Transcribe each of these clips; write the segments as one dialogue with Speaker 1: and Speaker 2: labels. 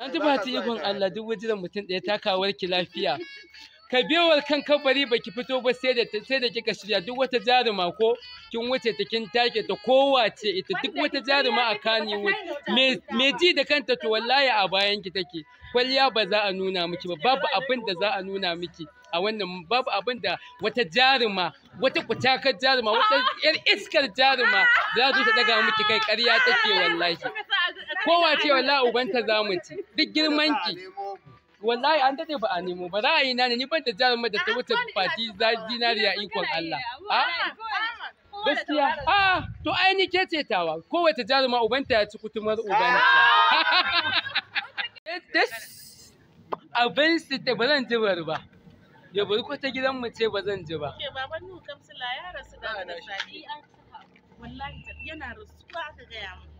Speaker 1: An ta igon Allah duk wajen mutum ɗaya ta kawo ki lafiya. Ka biyowar kan kabari ba ki fito ba sai da sai da kika shirya duk wata jaruma ko kin wuce ta kin take ta ce ita duk wata jaruma a kani me ji da kanta to wallahi a bayan ki take kwalliya ba za a nuna miki ba babu abin da za a nuna miki a wannan babu abin da wata jaruma wata kutakar jaruma wata yar iskar jaruma za ta daga miki kai ƙarya take wallahi kowa ce wallahi ubanta mu ci duk girman ki wallahi an dade ba a nemo ba za a na ne ni ban da jarumar da ta wuce fati zinariya ikon Allah a
Speaker 2: gaskiya a
Speaker 1: to ai ni ke cetawa kowace jaruma ubanta ya ci kutumar ubanta abin su ta ba zan ji ba ya bari ko ta gidan mu ce ba zan ji ba ke baban nu kamsila ya rasu da wani sadi an wallahi yana rasuwa aka gaya mu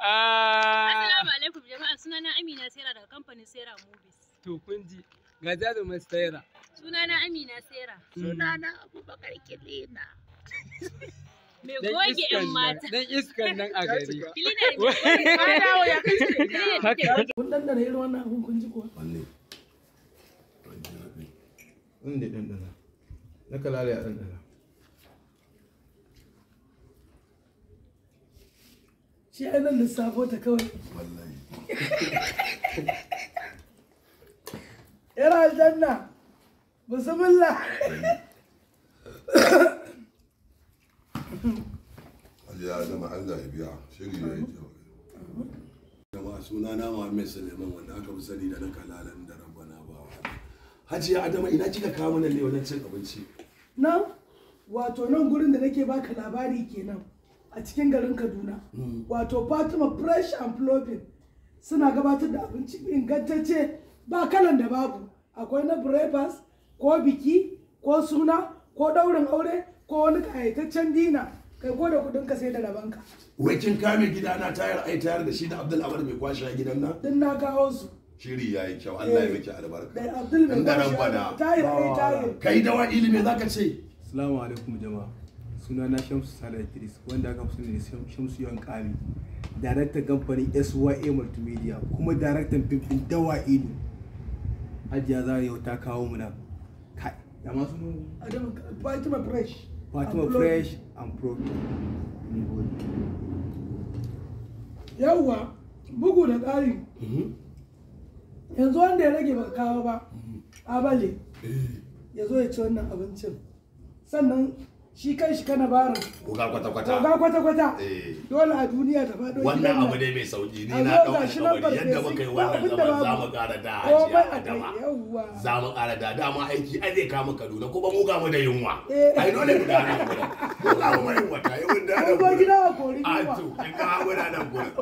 Speaker 1: Ah. Assalamu alaikum jama'a sunana Amina Sera daga kamfanin Sera Movies. To kun ji ga jarumin Sera. Sunana Amina Sera. Hmm. Sunana Abubakar Kilina. Me goge 'yan mata. Dan iskan nan a gari. Kilina ne. Kun ɗanɗana
Speaker 2: irin wannan abin kun ji kuwa? Wanne? Wanne dan? Na kalale a dan. shi ya nan lissafo ta kawai wallahi yar aljanna bismillah ya zama Allah ya biya shiri ya yi jama'a suna na Muhammad Suleiman wanda aka fi sani da na kalalan da rabbana ba Hajiya Adama ina kika kawo mana ne wannan cin abinci na wato nan gurin da nake baka labari kenan a cikin garin kaduna mm. wato fatima fresh and flopping suna gabatar da abinci ingantacce ba kalan da babu akwai na breakfast ko biki ko suna ko daurin aure ko wani kayataccen dina kai ko da kudin ka sai da rabanka wai kin kame gidana tayar ai tayar da shi da abdul Abar mai kwashi a gidan nan din na kawo su shiri ya yi kyau Allah ya eh, miki albarka da abdul mai kwashi tayar ai eh, tayar kai da wa ilimi zaka ce assalamu alaikum jama'a suna na shamsu sala idris wanda aka fi sani da shamsu yawan kari daraktan kamfanin sya multimedia kuma daraktan fimfin dawa ido hajiya a yau ta kawo muna kai da masu fatima fresh fatima
Speaker 1: fresh and pro
Speaker 2: yawwa bugu da tsari mhm. yanzu wanda ya rage baka kawo ba mhm. a bale eh. ya zo ya ci wannan abincin sannan shi kan shi kana barin
Speaker 1: ga kwata-kwata ga kwata-kwata eh.
Speaker 2: dole a duniya da fado wannan abu dai mai sauki ni na ɗauka alƙawari yadda muka yi wannan zaman za mu ƙara da hajiya adama za mu ƙara da dama aiki ai zai kama kaduna kuma mu ga mu da yunwa eh. ai dole mu da mu Allah ya bari wata ya wanda da ko gida a kori a to in ka da nan gurin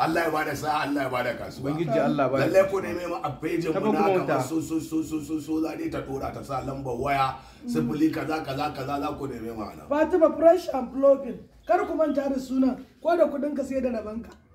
Speaker 2: Allah ya bada sa'a Allah ya bada kasuwa Allah ba lalle ko ne mai ma abejin mu na ka so so so so so so za ta dora ta sa lambar waya sifili kaza kaza kaza za ko ne mai ma Fatima fresh and blogging kar ku manta da sunan ko da kudin ka sai da banka